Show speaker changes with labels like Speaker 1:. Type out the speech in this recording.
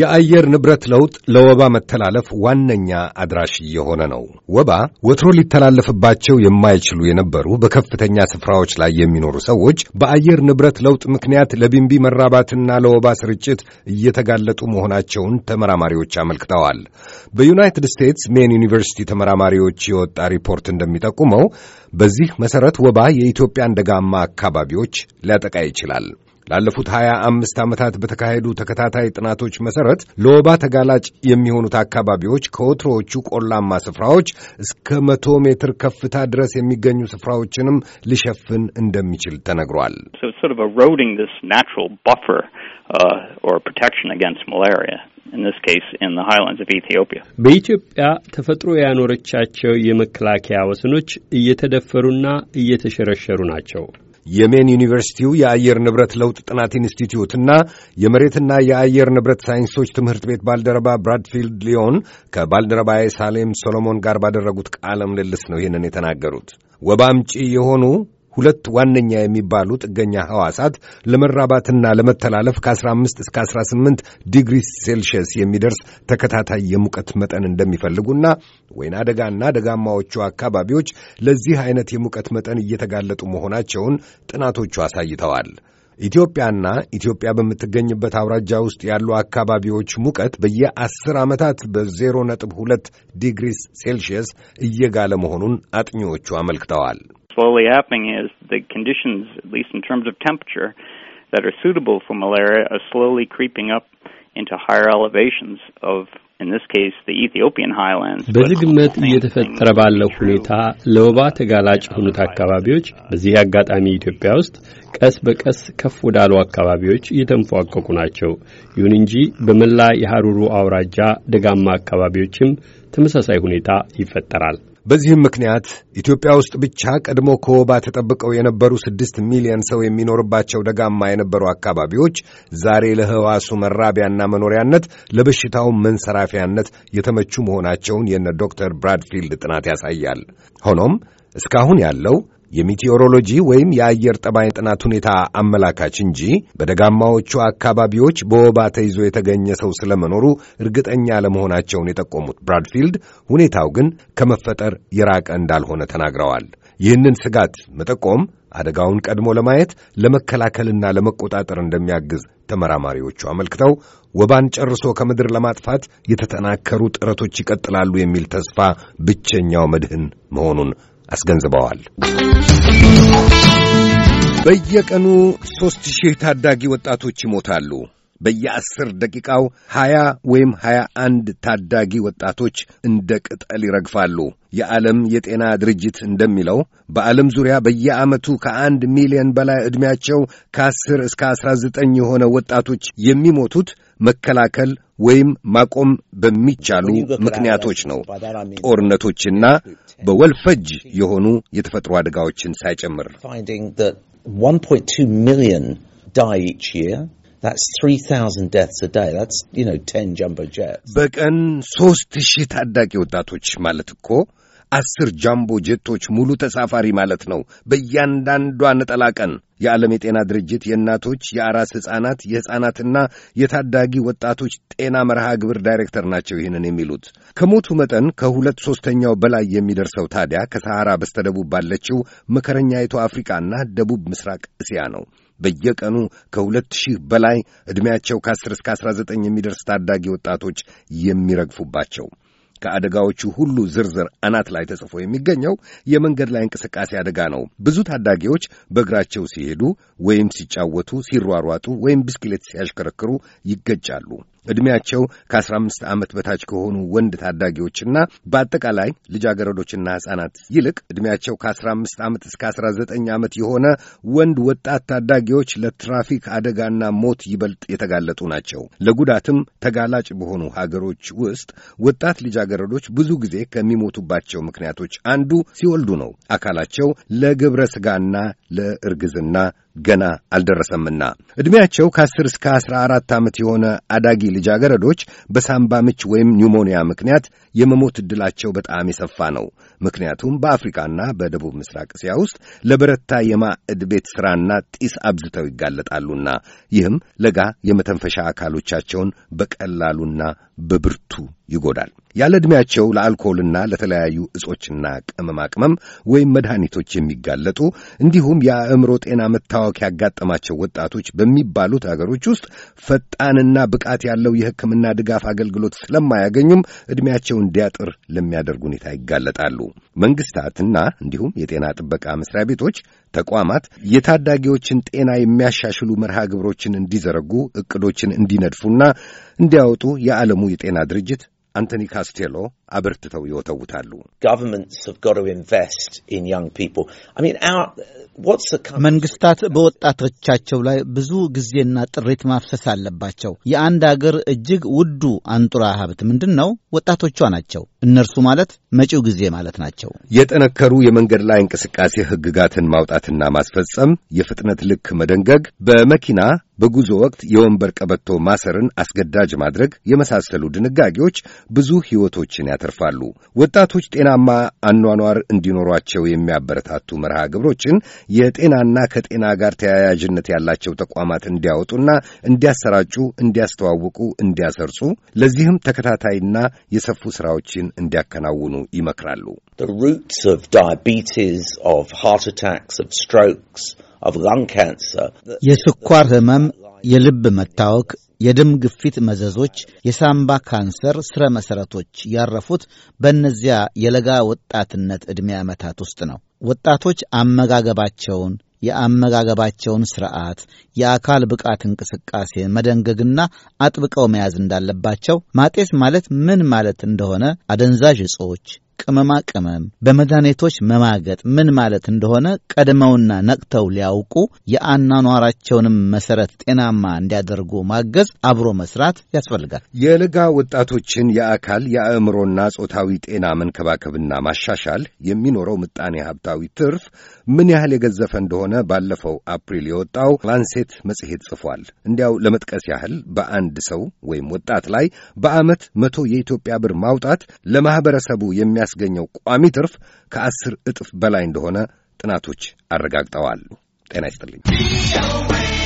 Speaker 1: የአየር ንብረት ለውጥ ለወባ መተላለፍ ዋነኛ አድራሽ እየሆነ ነው። ወባ ወትሮ ሊተላለፍባቸው የማይችሉ የነበሩ በከፍተኛ ስፍራዎች ላይ የሚኖሩ ሰዎች በአየር ንብረት ለውጥ ምክንያት ለቢንቢ መራባትና ለወባ ስርጭት እየተጋለጡ መሆናቸውን ተመራማሪዎች አመልክተዋል። በዩናይትድ ስቴትስ ሜን ዩኒቨርሲቲ ተመራማሪዎች የወጣ ሪፖርት እንደሚጠቁመው በዚህ መሠረት ወባ የኢትዮጵያን ደጋማ አካባቢዎች ሊያጠቃ ይችላል። ላለፉት ሀያ አምስት ዓመታት በተካሄዱ ተከታታይ ጥናቶች መሠረት ለወባ ተጋላጭ የሚሆኑት አካባቢዎች ከወትሮዎቹ ቆላማ ስፍራዎች እስከ መቶ ሜትር ከፍታ ድረስ የሚገኙ ስፍራዎችንም ሊሸፍን እንደሚችል ተነግሯል። uh, በኢትዮጵያ ተፈጥሮ ያኖረቻቸው የመከላከያ ወሰኖች እየተደፈሩና እየተሸረሸሩ ናቸው። የሜን ዩኒቨርሲቲው የአየር ንብረት ለውጥ ጥናት እና የመሬትና የአየር ንብረት ሳይንሶች ትምህርት ቤት ባልደረባ ብራድፊልድ ሊዮን ከባልደረባ የሳሌም ሶሎሞን ጋር ባደረጉት ቃለ ምልልስ ነው ይህንን የተናገሩት። ወባ አምጪ የሆኑ ሁለት ዋነኛ የሚባሉ ጥገኛ ሐዋሳት ለመራባትና ለመተላለፍ ከ15 እስከ 18 ዲግሪ ሴልሽየስ የሚደርስ ተከታታይ የሙቀት መጠን እንደሚፈልጉና ወይና ደጋና ደጋማዎቹ አካባቢዎች ለዚህ አይነት የሙቀት መጠን እየተጋለጡ መሆናቸውን ጥናቶቹ አሳይተዋል። ኢትዮጵያና ኢትዮጵያ በምትገኝበት አውራጃ ውስጥ ያሉ አካባቢዎች ሙቀት በየአስር ዓመታት በዜሮ ነጥብ ሁለት ዲግሪስ ሴልሺየስ እየጋለ መሆኑን
Speaker 2: አጥኚዎቹ አመልክተዋል። slowly happening is the conditions, at least in terms of temperature, that are suitable for malaria are slowly creeping up into higher elevations of in this case the Ethiopian highlands.
Speaker 1: በዝግመት እየተፈጠረ ባለው ሁኔታ ለወባ ተጋላጭ የሆኑት አካባቢዎች በዚህ አጋጣሚ ኢትዮጵያ ውስጥ ቀስ በቀስ ከፍ ወዳሉ አካባቢዎች እየተንፏቀቁ ናቸው። ይሁን እንጂ በመላ የሀሩሩ አውራጃ ደጋማ አካባቢዎችም ተመሳሳይ ሁኔታ ይፈጠራል። በዚህም ምክንያት ኢትዮጵያ ውስጥ ብቻ ቀድሞ ከወባ ተጠብቀው የነበሩ ስድስት ሚሊዮን ሰው የሚኖርባቸው ደጋማ የነበሩ አካባቢዎች ዛሬ ለሕዋሱ መራቢያና መኖሪያነት ለበሽታው መንሰራፊያነት የተመቹ መሆናቸውን የነ ዶክተር ብራድፊልድ ጥናት ያሳያል። ሆኖም እስካሁን ያለው የሚቴዎሮሎጂ ወይም የአየር ጠባይ ጥናት ሁኔታ አመላካች እንጂ በደጋማዎቹ አካባቢዎች በወባ ተይዞ የተገኘ ሰው ስለመኖሩ እርግጠኛ ለመሆናቸውን የጠቆሙት ብራድፊልድ ሁኔታው ግን ከመፈጠር የራቀ እንዳልሆነ ተናግረዋል። ይህንን ስጋት መጠቆም አደጋውን ቀድሞ ለማየት ለመከላከልና ለመቆጣጠር እንደሚያግዝ ተመራማሪዎቹ አመልክተው ወባን ጨርሶ ከምድር ለማጥፋት የተጠናከሩ ጥረቶች ይቀጥላሉ የሚል ተስፋ ብቸኛው መድህን መሆኑን አስገንዝበዋል። በየቀኑ ሦስት ሺህ ታዳጊ ወጣቶች ይሞታሉ። በየአስር ደቂቃው ሀያ ወይም ሀያ አንድ ታዳጊ ወጣቶች እንደ ቅጠል ይረግፋሉ። የዓለም የጤና ድርጅት እንደሚለው በዓለም ዙሪያ በየዓመቱ ከአንድ ሚሊዮን በላይ ዕድሜያቸው ከአስር እስከ አስራ ዘጠኝ የሆነ ወጣቶች የሚሞቱት መከላከል ወይም ማቆም በሚቻሉ ምክንያቶች ነው። ጦርነቶችና በወልፈጅ የሆኑ የተፈጥሮ
Speaker 2: አደጋዎችን ሳይጨምር that's 3000 deaths a day that's you know 10 jumbo jets
Speaker 1: በቀን ሦስት ሺህ ታዳጊ ወጣቶች ማለት እኮ አስር ጃምቦ ጀቶች ሙሉ ተሳፋሪ ማለት ነው። በእያንዳንዷ ነጠላ ቀን የዓለም የጤና ድርጅት የእናቶች የአራስ ሕፃናት የሕፃናትና የታዳጊ ወጣቶች ጤና መርሃ ግብር ዳይሬክተር ናቸው ይህንን የሚሉት። ከሞቱ መጠን ከሁለት ሦስተኛው በላይ የሚደርሰው ታዲያ ከሰሃራ በስተደቡብ ባለችው መከረኛይቱ አፍሪካና ደቡብ ምስራቅ እስያ ነው። በየቀኑ ከሁለት ሺህ በላይ ዕድሜያቸው ከአስር እስከ አስራ ዘጠኝ የሚደርስ ታዳጊ ወጣቶች የሚረግፉባቸው ከአደጋዎቹ ሁሉ ዝርዝር አናት ላይ ተጽፎ የሚገኘው የመንገድ ላይ እንቅስቃሴ አደጋ ነው። ብዙ ታዳጊዎች በእግራቸው ሲሄዱ ወይም ሲጫወቱ፣ ሲሯሯጡ ወይም ብስክሌት ሲያሽከረክሩ ይገጫሉ። ዕድሜያቸው ከ አምስት ዓመት በታች ከሆኑ ወንድ ታዳጊዎችና በአጠቃላይ ልጃገረዶችና ሕፃናት ይልቅ ዕድሜያቸው ከ አምስት ዓመት እስከ 19 ዘጠኝ ዓመት የሆነ ወንድ ወጣት ታዳጊዎች ለትራፊክ አደጋና ሞት ይበልጥ የተጋለጡ ናቸው። ለጉዳትም ተጋላጭ በሆኑ ሀገሮች ውስጥ ወጣት ልጃገረዶች ብዙ ጊዜ ከሚሞቱባቸው ምክንያቶች አንዱ ሲወልዱ ነው። አካላቸው ለግብረ ሥጋና ለእርግዝና ገና አልደረሰምና ዕድሜያቸው ከአስር እስከ አስራ አራት ዓመት የሆነ አዳጊ ልጃገረዶች በሳምባ ምች ወይም ኒውሞኒያ ምክንያት የመሞት ዕድላቸው በጣም የሰፋ ነው። ምክንያቱም በአፍሪካና በደቡብ ምስራቅ እስያ ውስጥ ለበረታ የማዕድ ቤት ሥራና ጢስ አብዝተው ይጋለጣሉና ይህም ለጋ የመተንፈሻ አካሎቻቸውን በቀላሉና በብርቱ ይጎዳል። ያለ ዕድሜያቸው ለአልኮልና ለተለያዩ እጾችና ቅመማ ቅመም ወይም መድኃኒቶች የሚጋለጡ እንዲሁም የአእምሮ ጤና መታወክ ያጋጠማቸው ወጣቶች በሚባሉት አገሮች ውስጥ ፈጣንና ብቃት ያለው የሕክምና ድጋፍ አገልግሎት ስለማያገኙም ዕድሜያቸው እንዲያጥር ለሚያደርግ ሁኔታ ይጋለጣሉ። መንግስታትና እንዲሁም የጤና ጥበቃ መስሪያ ቤቶች፣ ተቋማት የታዳጊዎችን ጤና የሚያሻሽሉ መርሃ ግብሮችን እንዲዘረጉ፣ እቅዶችን እንዲነድፉና እንዲያወጡ የዓለሙ የዓለሙ የጤና ድርጅት አንቶኒ ካስቴሎ አበርትተው ይወተውታሉ።
Speaker 2: መንግስታት በወጣቶቻቸው ላይ ብዙ ጊዜና ጥሪት ማፍሰስ አለባቸው። የአንድ አገር እጅግ ውዱ አንጡራ ሀብት ምንድን ነው? ወጣቶቿ ናቸው። እነርሱ ማለት መጪው ጊዜ ማለት ናቸው።
Speaker 1: የጠነከሩ የመንገድ ላይ እንቅስቃሴ ህግጋትን ማውጣትና ማስፈጸም፣ የፍጥነት ልክ መደንገግ፣ በመኪና በጉዞ ወቅት የወንበር ቀበቶ ማሰርን አስገዳጅ ማድረግ የመሳሰሉ ድንጋጌዎች ብዙ ህይወቶችን ። ያ ያተርፋሉ። ወጣቶች ጤናማ አኗኗር እንዲኖሯቸው የሚያበረታቱ መርሃ ግብሮችን የጤናና ከጤና ጋር ተያያዥነት ያላቸው ተቋማት እንዲያወጡና እንዲያሰራጩ፣ እንዲያስተዋውቁ፣ እንዲያሰርጹ ለዚህም ተከታታይና የሰፉ ስራዎችን እንዲያከናውኑ ይመክራሉ።
Speaker 2: የስኳር ህመም የልብ መታወክ፣ የደም ግፊት መዘዞች፣ የሳምባ ካንሰር ሥረ መሠረቶች ያረፉት በእነዚያ የለጋ ወጣትነት ዕድሜ ዓመታት ውስጥ ነው። ወጣቶች አመጋገባቸውን የአመጋገባቸውን ስርዓት፣ የአካል ብቃት እንቅስቃሴ መደንገግና አጥብቀው መያዝ እንዳለባቸው ማጤስ ማለት ምን ማለት እንደሆነ አደንዛዥ ዕጾች ቅመማ ቅመም በመድኃኒቶች መማገጥ ምን ማለት እንደሆነ ቀድመውና ነቅተው ሊያውቁ የአናኗራቸውንም መሰረት ጤናማ እንዲያደርጉ ማገዝ፣ አብሮ መስራት ያስፈልጋል።
Speaker 1: የለጋ ወጣቶችን የአካል የአእምሮና ጾታዊ ጤና መንከባከብና ማሻሻል የሚኖረው ምጣኔ ሀብታዊ ትርፍ ምን ያህል የገዘፈ እንደሆነ ባለፈው አፕሪል የወጣው ላንሴት መጽሔት ጽፏል። እንዲያው ለመጥቀስ ያህል በአንድ ሰው ወይም ወጣት ላይ በዓመት መቶ የኢትዮጵያ ብር ማውጣት ለማኅበረሰቡ የሚያ የሚያስገኘው ቋሚ ትርፍ ከአስር እጥፍ በላይ እንደሆነ ጥናቶች አረጋግጠዋል። ጤና ይስጥልኝ።